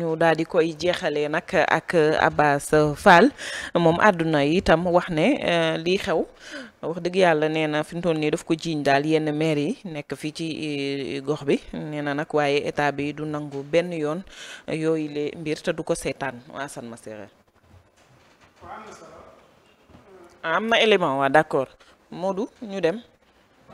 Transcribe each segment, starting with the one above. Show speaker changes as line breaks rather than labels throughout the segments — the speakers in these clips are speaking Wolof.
ñu daal di koy jeexalee nag ak Abass Fall moom àdduna yi itam wax ne euh, lii xew wax dëgg yàlla nee na fi mu toll nii daf ko jiiñ daal yenn maire yi nekk fii ci euh, gox bi nee na nag waaye état bi du nangu benn yoon yooyu mbir te du ko seetaan waasan ma séeréer am na élément waa d'accord Modou ñu dem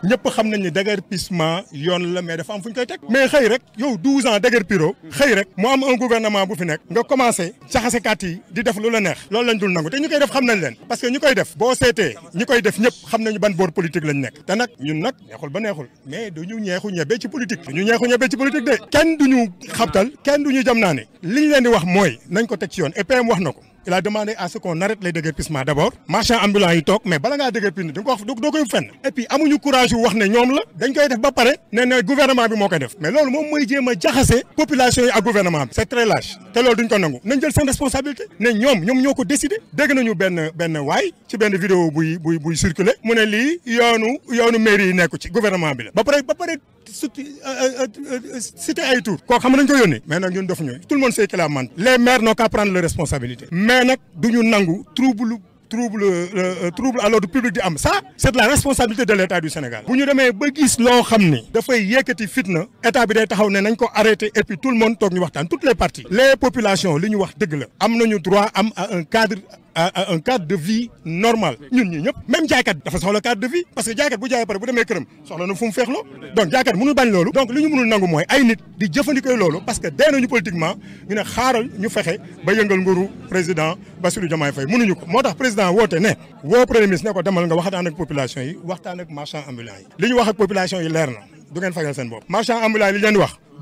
ñëpp xam nañ ne déguerpissement yoon la mais dafa am fu ñu koy teg mais xëy rek yow 12 ans déguerpiro xëy rek mu am un gouvernement bu fi nekk nga commencé jaxase kàtt yi di def lu la neex loolu lañ dul nangu te ñu koy def xam nañ leen parce que ñu koy def boo seetee ñi koy def ñëpp xam nañu ban boor politique lañ nekk te nag ñun nag neexul ba neexul mais duñu ñeexu ñebe ci politique duñu ñeexu ñebe ci politique de kenn duñu xabtal kenn duñu jam naa ne liñ leen di wax mooy nañ ko teg ci yoon EPM wax na ko il a à ce qu'on arrête les déguerpissements d'abord marchand ambulant yi toog mais bala ngaa déguerpir da nga ko wax doo koy fenn et puis amuñu courage wax ne ñoom la dañ koy def ba pare ne ne gouvernement bi moo koy def mais loolu moom mooy jéem a jaxase population yi ak gouvernement bi c'est très lâche te loolu duñ ko nangu nañ jël seen responsabilité ne ñoom ñoom ñoo ko décidé dégg nañu benn benn waay ci benn vidéo buy buy buy circulé mu ne yi nekku ci gouvernement bi la ba pare ba pare euh, euh, euh, cité ay tour koo xam nañ mais nag du ñu nangu trouble trouble euh, trouble à l'ordre public di am ça c'est de la responsabilité de l'État du Sénégal bu ñu demee ba gis loo xam ni dafay yëkkati fitna état bi day taxaw ne nañ ko arrêter et puis tout le monde toog ñu waxtaan toutes les parties les population li ñu wax dëgg la am nañu droit am à un cadre à un cadre de vie normal ñun ñi ñëpp même jaaykat dafa soxla cadre de vie parce que jaaykat bu jaayee pare bu demee këram soxla na fu mu feexloo donc jaaykat mënul bañ loolu donc li ñu mënul nangu mooy ay nit di jëfandikoo loolu parce que dee nañu politiquement ñu ne xaaral ñu fexe ba yëngal nguuru président Bassirou Diomaye Faye mënuñu ko moo tax président woote ne woo premier ministre ne ko demal nga waxtaan ak population yi waxtaan ak marchand ambulant yi li ñu wax ak yi leer na du ngeen fajal seen bopp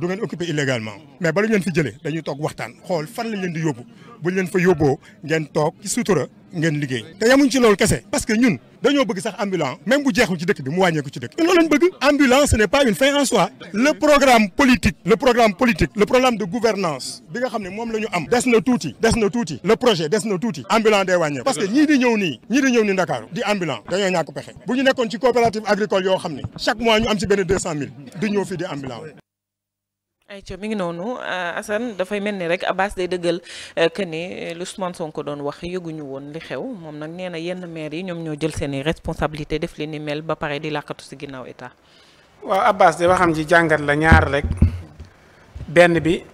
du ngeen occupé illégalement mais bala ngeen fi jëlee dañuy toog waxtaan xool fan lañ leen di yóbbu buñ leen fa yóbboo ngeen toog ci sutura ngeen que ñun dañoo bëgg sax ambulance même bu jeexul bi mu wàññeeku ci dëkk loolu lañ bëgg ambulance ce moom la ñu am des na tuuti des na tuuti le projet na tuuti ambulance day wàññeeku parce que ñii di ñëw nii ñii ñu nekkoon ci coopérative agricole yoo xam ne chaque mois ñu am ci benn deux cent mille di ñëw fii di ambulance
ayca mi ngi noonu ah, Assane dafay mel ni rek Abbas day dëggal eh, que ni eh, Ousmane Sonko doon wax yëguñu woon li xew moom nag nee na yenn maire yi ñoom ñoo jël seeni responsabilité def li ni mel ba pare di làkkatu si ginnaaw état.
waaw Abbas de waxam ji jàngat la ñaar rek benn bi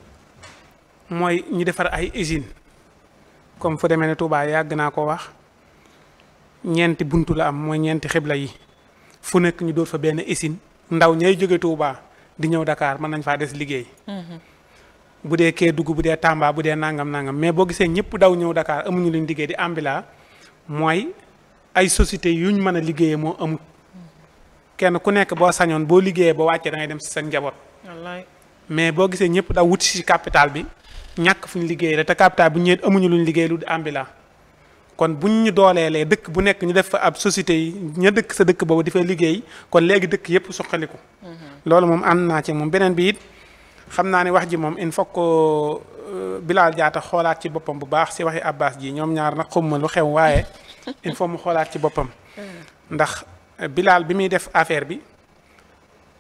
mooy ñu defar ay usine comme fu demee ne Touba yàgg naa ko wax ñeenti bunt la am mooy ñeenti xibla yi fu nekk ñu dóor fa benn usine ndaw ñay jóge Touba. di ñëw dakaar mën nañ faa des liggéey. Mhm. bu dee Kédougou bu dee Tamba bu dee nangam nangam mais boo gisee ñëpp daw ñëw Dakar amuñu luñ liggéey di ambila mooy ay société yuñ mën a moo amut kenn ku nekk boo sañoon boo liggéeyee ba wàccee da dem si seen njaboot. wallaay mais boo gisee ñëpp daw wut si capital bi ñàkk fuñ liggéey rek te capital bu ñëwee amuñu luñ liggéey lu di ambila kon buñ ñu dooleelee dëkk bu nekk ñu def fa ab société yi ña dëkk sa dëkk boobu di fa liggéey kon léegi dëkk yëpp suqaliku. Mhm. loolu moom ànd naa ci moom beneen bi it xam naa ne wax ji moom in foog faut que euh, Bilal Diatta xoolaat ci boppam bu baax si waxi Abbas ji ñoom ñaar nag ma lu xew waaye il faut mu xoolaat ci boppam. Mm. ndax euh, Bilal bi muy def affaire bi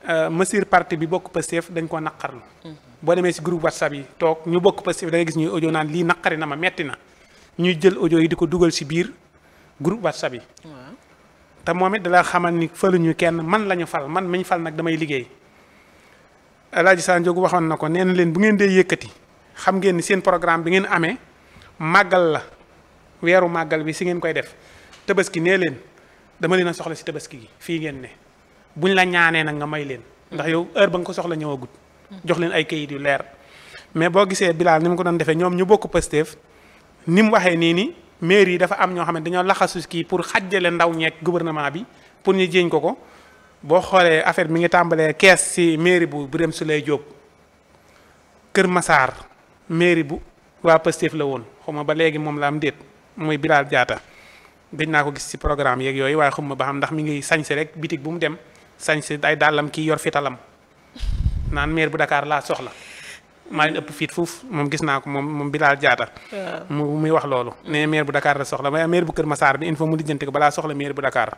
euh, mesure parti bi bokk Pastef dañ ko na mm-hmm. boo demee si groupe WhatsApp yi toog ñu bokk Pastef da gis ñuy audio naan lii naqari na ma metti na ñuy jël audio yi di ko dugal si biir groupe WhatsApp yi. te moom it dala xamal ni faluñu kenn man la ñu fal man miñ fal nag damay liggéey El Hadj Sa waxoon na ko nee leen bu ngeen dee yëkkati xam ngeen ni seen programme bi ngeen amee màggal la weeru màggal bi si ngeen koy def tabaski nee leen dama leen a soxla si tabaski gi fii ngeen ne buñ la ñaanee nag nga may leen ndax yow heure ba nga ko soxla ñëwagut jox leen ay kayit yu leer mais boo gisee Bilal ni mu ko doon defee ñoom ñu bokk Pastef ni mu waxee nii ni maire yi dafa am ñoo xam ne dañoo laxasu kii pour xajjale ndaw ñeeg gouvernement bi pour ñu jéñ ko ko boo xoolee affaire mi ngi tàmbalee kees si mairie bu su lay jóg Kër Massar mairie bu waa Pastef la woon xawma ba léegi moom laa am déet mooy Bilal jaata dañ naa ko gis si programme yeeg yooyu waaye xawma ba xam ndax mi ngi sañ sañse rek bitig bu mu dem sañ si ay dàllam kii yor fitalam naan maire bu dakaar laa soxla maa leen ëpp fiit fuuf moom gis naa ko moom moom Bilal Diatta mu muy wax loolu mais maire bu Dakar la soxla may maire bu Kër Massar bi il faut mu lijjanti ko balaa soxla maire bu Dakar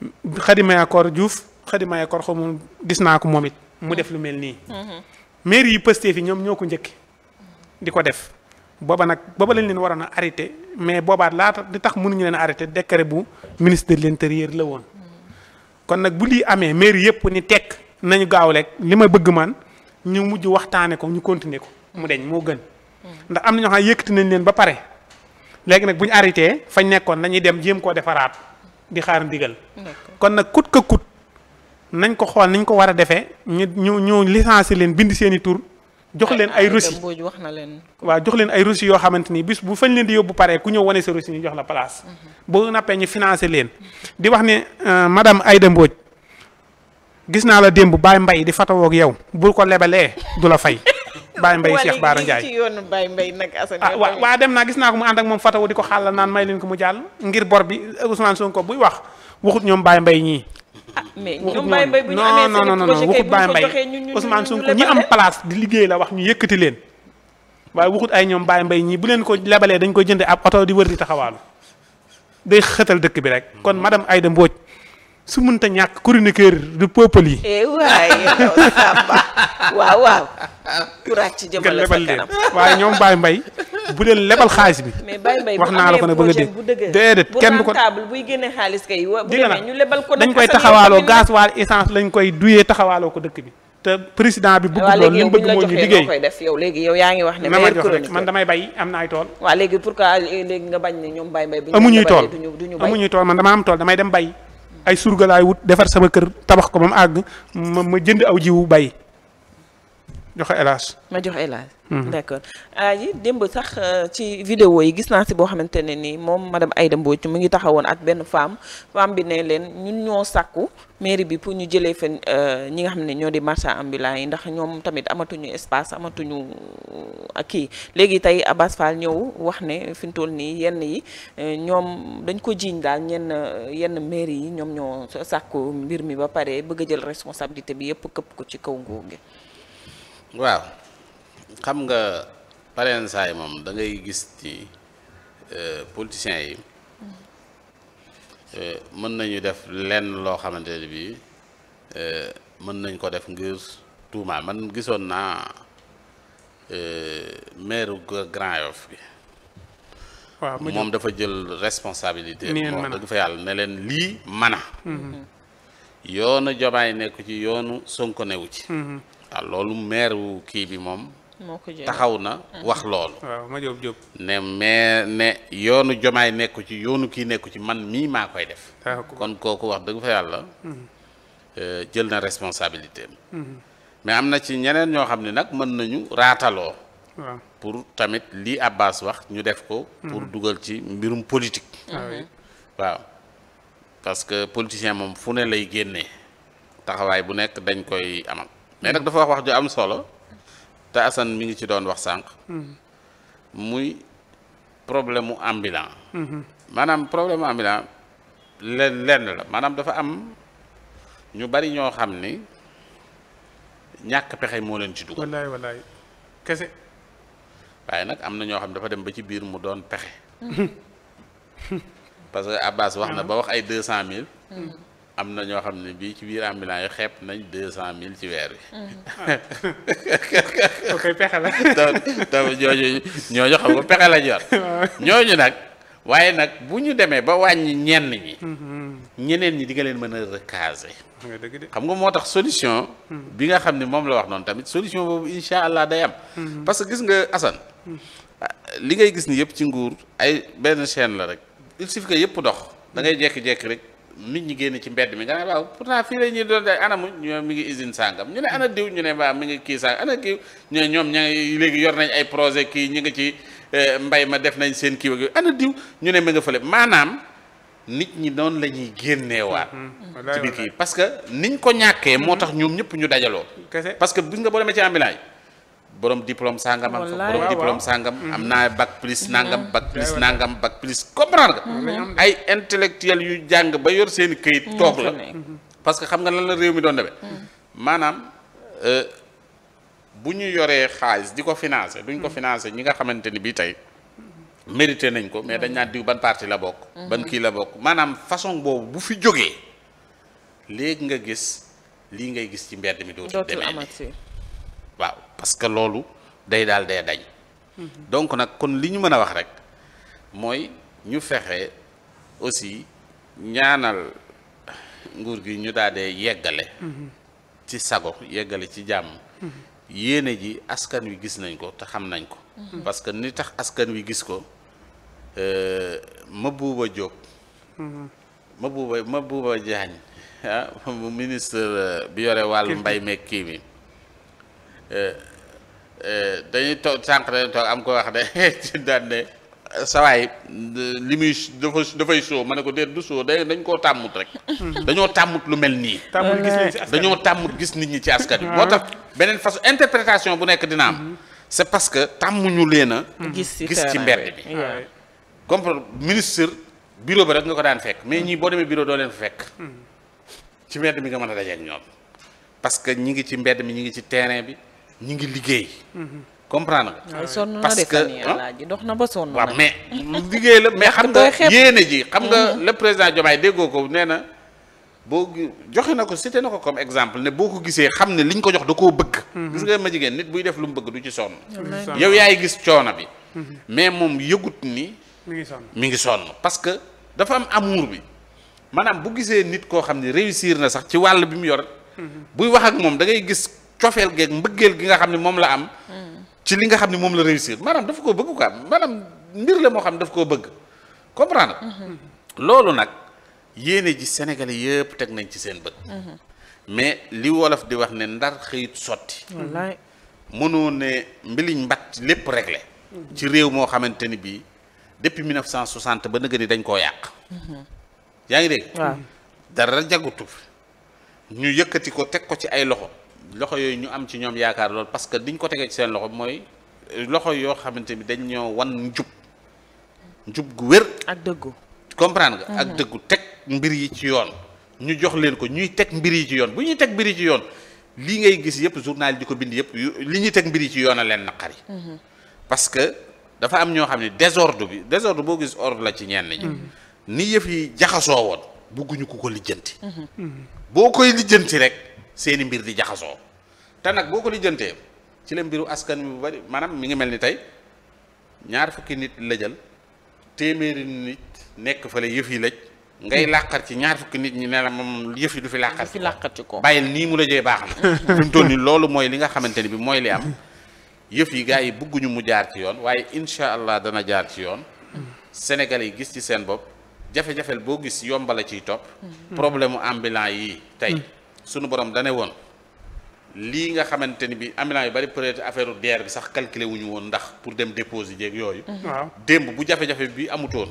hmm. Khadima Yakor Diouf Khadima Yakor xaw ma gis naa ko moom it mu hmm. def lu mel nii hmm. maire yi Pastef yi ñoom ñoo ko njëkk di ko def booba nag booba lañ leen waroon a arrêté mais boobaat laata li tax mënuñu leen arrêté décret bu ministre de l'intérieur la woon kon nag bu lii amee maire yëpp ni tekk nañu gaaw rek li ma bëgg man ñu mujj waxtaane ko ñu continuer ko mu deñ moo gën mm. ndax am na ñoo xam ne yëkkati nañ leen ba pare léegi nag bu ñu arrêté fañ nekkoon nañuy dem jéem koo defaraat di xaar ndigal kon nag kut ka kut nañ ko xool nañ ko war a defee ñu ñu ñu licencié leen bind seen i tur jox leen ay reçu ah, wax na leen waaw jox leen ay reçu yoo xamante ni bis bu fañ leen di yóbbu paree ku ñëw wane sa reçu ñu jox la place mm-hmm. boo nappee ñu financé leen di wax ne euh, madame Aïda Mbodj gis naa la démb Baye mbay di fatawoo yow bul ko lebalee du la fay Baye mbay Cheikh Baara Ndiaye ci yoonu Baye nag Assane ah, waaw dem naa gis naa ko mu ànd ak moom fatawu di ko xàllal naan may leen ko mu jàll ngir bor bi eh, Ousmane ko buy wax waxut ñoom baay mbay ñii ah mais ñoom Baye Mbaye bu ñu amee seen projet kay bu ñu ko joxee ñun ñun Ousmane Sonko ñi am place di liggéey la wax ñu yëkkati leen waaye waxut ay ñoom Baye Mbaye ñii bu leen ko lebalee dañ koy jënde ab oto di wër di taxawaalu day xëtal dëkk bi rek kon madame Aïda Mbodj su mënta ñàkk chroniqueur du peuple yi. eh
waaye waaw waaw. kuraat ci ñoom
Baye Mbaye bu dee lebal xaalis bi.
wax naa la ko ne bëgg a dégg bu kenn ko rentable buy génne xaalis kay. bu demee ñu lebal ko dañ koy taxawaaloo gaz
waal essence lañ koy duyee taxawaaloo ko dëkk bi. te président bi bëgg loolu li mu bëgg moo ñu liggéey koy
def yow yaa ngi wax ne meilleur chronique man damay bay am na ay tool waaw léegi pourquoi eh, léegi nga bañ ne ñoom bay mbay amuñuy tool duñu bay amuñuy
tool man dama am tool damay dem bay ay surga wut defar sama kër tabax ko ba mu àgg ma ma jënd aw jiwu bay joxe hélas.
ma jox hélas. Mhm. d' accord démb sax euh, ci vidéo yi gis naa si boo xamante ne nii moom madame Aïda Mbodj mu ngi taxawoon ak benn femme femme bi ne leen ñun ñoo sàkku mairie bi pour ñu jëlee fa euh, ñi nga xam ne ñoo di am ambulant yi ndax ñoom tamit amatuñu espace amatuñu euh, kii léegi tey Abass Fall ñëw wax ne fi mu toll nii yenn yi ñoom dañ ko jiiñ daal ñenn yenn mairie yi ñoom ñoo sàkku mbir mi ba pare bëgg a jël responsabilité bi yëpp këpp ko ci kaw
nguur gi. waaw xam nga pareen yi moom da ngay gis ni euh, politiciens yi euh, mën nañu def lenn loo xamante ne bii euh, mën nañ ko def ngir tuuma man gisoon naa maire Grand Yoff bi waaw moom dafa jël responsabilité moom dëgg fa yàlla ne leen lii mana mm-hmm. yoonu jomaay nekku ci yoonu Sonko newu ci mm-hmm. waaw loolu maire kii bi moom. taxaw na mhm. wax loolu. waaw ma ne mais ne yoonu jomaay nekku ci yoonu kii nekku ci man mii maa koy def. Ah, kon kooku wax dëgg fa yàlla. Mhm. Euh, jël na responsabilité mhm. mais am na ci ñeneen ñoo xam ne nag mën nañu raataloo. pour tamit lii Abbas wax ñu def ko. pour dugal ci mbirum politique. Ah waaw parce que politicien moom fu ne lay génnee taxawaay bu nekk dañ koy amal. mais nag dafa wax wax ju am solo te Assane mi ngi ci doon wax sànq. Mm-hmm. muy problème mu ambulant. Mm-hmm. maanaam problème mu ambulant lenn lenn la maanaam dafa am ñu bari ñoo xam ni ñàkk pexe moo leen ci dugg. wallaay kese. waaye nag am na ñoo xam dafa dem ba ci biir mu doon pexe. Mm-hmm. parce que Abbas wax na ba wax ay deux cent mille. am na ñoo xam ne bii ci biir ambulant yi xeeb nañ deux cent mille ci weer bi. ok pexe la. donc donc ñooñu xam nga pexe la jot. ñooñu nag waaye nag bu ñu demee ba wàññi ñenn ñi. Mm-hmm. ñeneen ñi di nga leen mën a recaser. xam nga moo tax solution. Mm-hmm. bi nga xam ne moom la wax noonu tamit solution boobu incha allah day am. Mm-hmm. parce que gis nga Assane. li ngay gis ni yëpp ci nguur ay benn chaîne la rek il suffit que yëpp dox da ngay jékki rek. nit ñi génn ci mbedd mi nga ne waaw pourtant fii la ñuy doon anamu ñoom mi ngi usine sàngam ñu ne ana diw ñu ne waaw mi ngi kii sàngam ana kii ñu ne ñoom ña léegi yor nañ ay projet kii ñu ngi ci eh, mbay ma def nañ seen kii wag ana diw ñu ne mi nga fële maanaam nit ñi doon la ñuy génneewaat
mm-hmm. ci biir kii
parce que niñ ko ñàkkee moo tax ñoom ñëpp ñu dajaloo parce que bu nga boo demee ci ambulance borom diplôme sangam am am mhm. naa bac plus mhm. nangam bac plus nangam bac plus comprendre nga mhm. ay intellectuel yu jàng ba yor seen këyit toog la parce que xam nga lan la réew mi doon demee maanaam euh, bu ñu yoree xaalis di ko financé duñ ko financé ñi nga xamante ni bii tey mérité nañ ko mais dañ naa diw ban parti la bokk ban kii la bokk maanaam façon boobu bu fi jógee léegi nga gis lii ngay gis ci mbedd mi dootul demee waaw parce que loolu day daal dee dañ donc nag kon li ñu mën a wax rek mooy ñu fexe aussi ñaanal nguur gi ñu daal dee yeggale ci sago yeggale ci jàmm yéene ji askan wi gis nañ ko te xam nañ ko parce que ni tax askan wi gis ko euh, ma buuba jóg ma buuba ma buuba jaañ ah ministre euh, bi yore wàllu mbay meeg kii mi dañuy toog sànq dañuy toog am ko wax de ci daan ne sawaay li muy dafa dafay sóo ma ne ko déet du sóo day dañ koo tàmmut rek dañoo tàmmut lu mel nii dañoo tàmmut gis nit ñi ci askan bi ah. moo tax beneen façon interprétation bu nekk dina am mm-hmm. c'est parce que tàmmuñu leen a
mm-hmm. gis ci mbedd
bi ah, comprendre ministre bureau ba rek nga ko daan fekk mais ñii boo demee bureau doo leen fa fekk mm-hmm. ci mbedd bi nga mën a dajeek ñoom parce que ñi ngi ci mbedd mi ñi ngi ci terrain bi ñu ngi liggéey. Mhm. comprendre nga. parce que
dox na ba sonn waaw mais
liggéey la mais xam nga yéene ji xam nga mhm. le président Diomaye déggoo ko nee na boo joxe na ko cité na ko comme exemple ne boo ko gisee xam ne liñ ko jox da koo bëgg. Mhm. gis nga ma jigéen nit buy def lu mu bëgg du ci sonn. yow yaay gis coono bi. mais moom yëgut ni. mu ngi sonn mi ngi sonn parce que dafa am amour bi maanaam bu gisee nit koo xam ne réussir na sax ci wàll bi mu yor. buy wax ak moom da ngay gis. cofeel geeg mbëggeel gi nga xam ne moom la am hmm. ci li nga xam ne moom la réussir maanaam dafa koo bëgg quoi maanaam mbir la moo xam ne daf koo bëgg comprendre hmm. loolu nag yéene ji Sénégalais yëpp teg nañ ci seen bët hmm. mais li wolof di wax ne ndar xëyit sotti wallaay ne mbiliñ mbat lépp réglé ci réew moo xamante ni bii depuis 1960 ba nëgë dañ koo yàq yaa ngi dégg dara jagutu ñu yëkkati ko teg ko ci ay loxo loxo yooyu ñu am ci ñoom yaakaar lool parce que diñ ko tegee ci seen loxo mooy loxo yoo xamante ni dañ ñoo wan njub njub gu wér. ak dëggu. comprendre nga. ak mhm. dëggu teg mbir yi ci yoon. ñu jox leen ko ñuy teg mbir yi ci yoon bu ñuy teg mbir ci yoon lii ngay gis yëpp journal di ko bind yëpp li ñuy teg mbir yi ci yoon a leen naqari. Mhm. parce que dafa am ñoo xam ne désordre bi désordre boo gis ordre la ci ñenn ñi. Mhm. ni yëf yi jaxasoo woon bëgguñu ku ko lijjanti. boo koy lijjanti rek. seeni mbir di jaxasoo te nag boo ko lijjantee ci la mbiru askan wi bu bari maanaam mi ngi mel ni tey ñaar fukki nit la jël téeméeri nit nekk fële yëf yi laj ngay hmm. làqar ci ñaar fukki nit ñi ne la moom yëf yi du fi làqar ci làqar ko bàyyil nii mu la jee baax na fi toll ni loolu mooy li nga xamante ni bi mooy li am yëf yi gars yi bëgguñu mu jaar ci yoon waaye incha allah dana jaar ci yoon Sénégal yi gis ci seen bopp jafe-jafel boo gis yomba la ciy topp hmm. sunu borom dana woon lii nga xamante ni bi ambulant yu bari peut-être affaire DER bi sax calculé wuñu woon ndax pour dem déposer jéeg yooyu mhm. démb bu jafe-jafe bi amutoon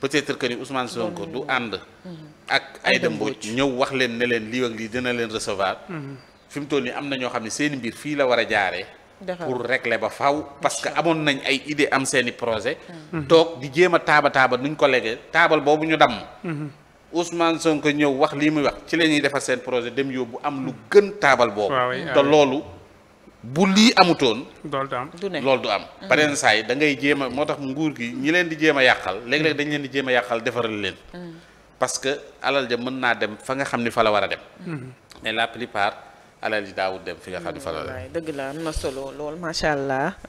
peut-être que ni Ousmane Sonko du ànd ak
mhm.
Aïda Mbodj ñëw wax leen ne leen lii ak lii dina leen recevoir mhm. fi mu toll nii am na ñoo xam ne seen mbir fii la war a jaaree pour régler ba faw parce que amoon nañ ay idée am seeni projet toog di jéem a taaba taaba nuñ ko légee taabal boobu ñu damm Ousmane Sonko ñëw wax lii muy wax ci la ñuy defar seen projet dem yóbbu am lu gën taabal boobu. te loolu bu lii amutoon. loolu du am loolu du am. beneen mm-hmm. saa moo tax nguur gi ñi leen di jéem a yàqal léeg-léeg dañ leen di jéem a yàqal defaral leen. Mm-hmm. parce que alal ja mën naa dem fa nga xam ni fa la war a dem. Mm-hmm. mais la plupart alal ji daawul dem fi nga xam ni fa la.
dëgg la allah.